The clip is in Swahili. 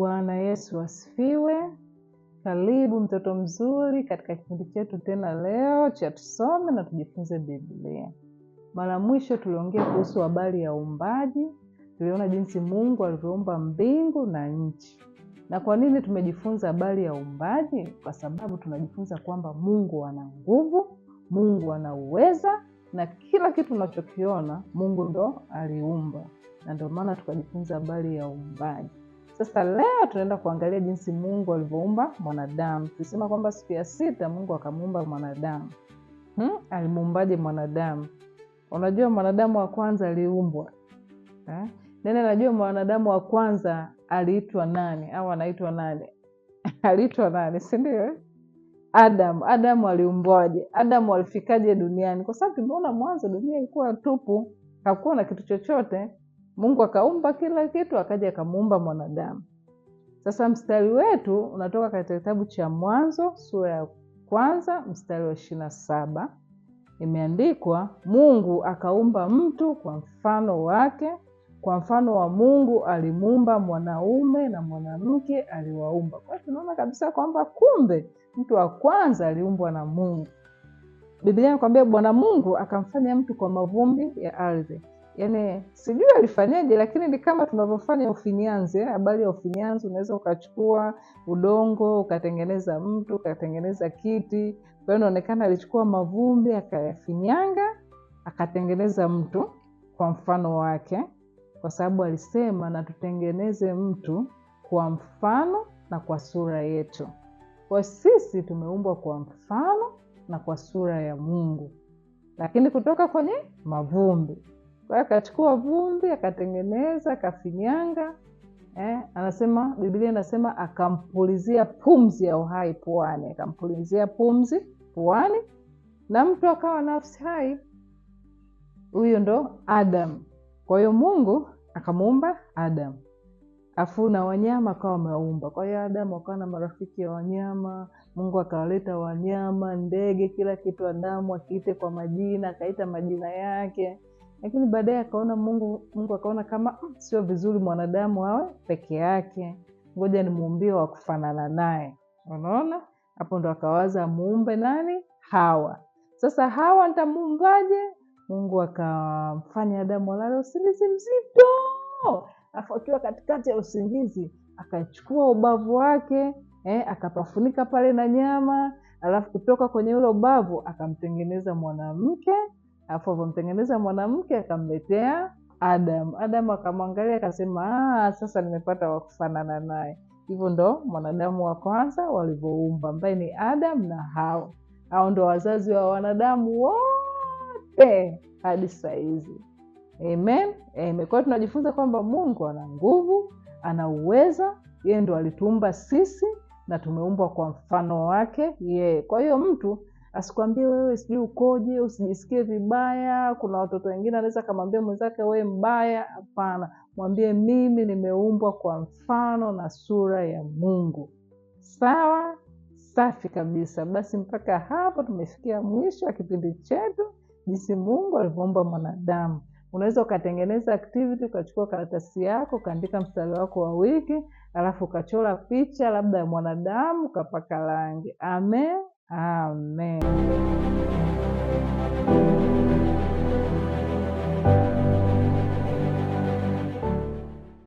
Bwana Yesu asifiwe. Karibu mtoto mzuri katika kipindi chetu tena leo cha tusome na tujifunze Biblia. Mara mwisho tuliongea kuhusu habari ya uumbaji, tuliona jinsi Mungu alivyoumba mbingu na nchi. Na kwa nini tumejifunza habari ya uumbaji? Kwa sababu tunajifunza kwamba Mungu ana nguvu, Mungu ana uweza na kila kitu unachokiona Mungu ndo aliumba, na ndio maana tukajifunza habari ya uumbaji. Sasa leo tunaenda kuangalia jinsi Mungu alivyoumba mwanadamu. tukisema kwamba siku ya sita Mungu akamuumba mwanadamu. Hmm? Alimuumbaje mwanadamu? Unajua mwanadamu wa kwanza aliumbwa eh? najua mwanadamu wa kwanza aliitwa nani au anaitwa nani? aliitwa nani, sindio eh? adam Adamu. Adamu aliumbwaje? Adamu alifikaje duniani? Kwa sababu tumeona mwanzo dunia ilikuwa tupu, hakuwa na kitu chochote. Mungu akaumba kila kitu, akaja akamuumba mwanadamu. Sasa mstari wetu unatoka katika kitabu cha Mwanzo sura ya kwanza mstari wa ishirina saba. Imeandikwa, Mungu akaumba mtu kwa mfano wake, kwa mfano wa Mungu alimuumba, mwanaume na mwanamke aliwaumba. Kwa hiyo tunaona kabisa kwamba kumbe mtu wa kwanza aliumbwa na Mungu. Biblia inakwambia Bwana Mungu akamfanya mtu kwa mavumbi ya ardhi yani sijui alifanyaje, lakini ni kama tunavyofanya ufinyanzi. Habari ya ufinyanzi, unaweza ukachukua udongo ukatengeneza mtu ukatengeneza kiti. Kwa hiyo inaonekana alichukua mavumbi akayafinyanga akatengeneza mtu kwa mfano wake, kwa sababu alisema na tutengeneze mtu kwa mfano na kwa sura yetu. Kwa sisi tumeumbwa kwa mfano na kwa sura ya Mungu, lakini kutoka kwenye mavumbi. Kwa akachukua vumbi akatengeneza akafinyanga eh, anasema Biblia inasema akampulizia pumzi ya uhai puani, akampulizia pumzi puani na mtu akawa nafsi hai. Huyo ndo Adam. Kwa hiyo Mungu akamuumba Adam afu na wanyama akawa ameumba. Kwa hiyo Adamu akawa na marafiki ya wanyama. Mungu akawaleta wanyama, ndege, kila kitu. Adamu akiite kwa majina, akaita majina yake lakini baadaye akaona Mungu, Mungu akaona kama hmm, sio vizuri mwanadamu awe peke yake, ngoja ni muumbio wa kufanana naye. Unaona, hapo ndo akawaza muumbe nani? Hawa. Sasa Hawa ntamuumbaje Mungu akamfanya Adamu alale usingizi mzito, akiwa katikati ya usingizi akachukua ubavu wake eh, akapafunika pale na nyama, alafu kutoka kwenye ule ubavu akamtengeneza mwanamke Alafu alivyomtengeneza mwanamke akamletea Adam. Adam akamwangalia akasema, ah, sasa nimepata wakufanana naye. Hivyo ndo mwanadamu wa kwanza walivyoumba, ambaye ni Adam na Hawa. au ndo wazazi wa wanadamu wote hadi sahizi hizi. Amen, eh, amen. tunajifunza kwamba Mungu ana nguvu, ana uweza. Yeye ndo alituumba sisi na tumeumbwa kwa mfano wake yeye. Kwa hiyo mtu asikwambie wewe sijui ukoje, usijisikie vibaya. Kuna watoto wengine anaweza akamwambia mwenzake wewe mbaya. Hapana, mwambie mimi nimeumbwa kwa mfano na sura ya Mungu. Sawa, safi kabisa. Basi mpaka hapo tumefikia mwisho wa kipindi chetu, jinsi Mungu alivyoumba mwanadamu. Unaweza ukatengeneza activity, ukachukua karatasi yako ukaandika mstari wako wa wiki, alafu ukachora picha labda ya mwanadamu ukapaka rangi. Amen. Amen.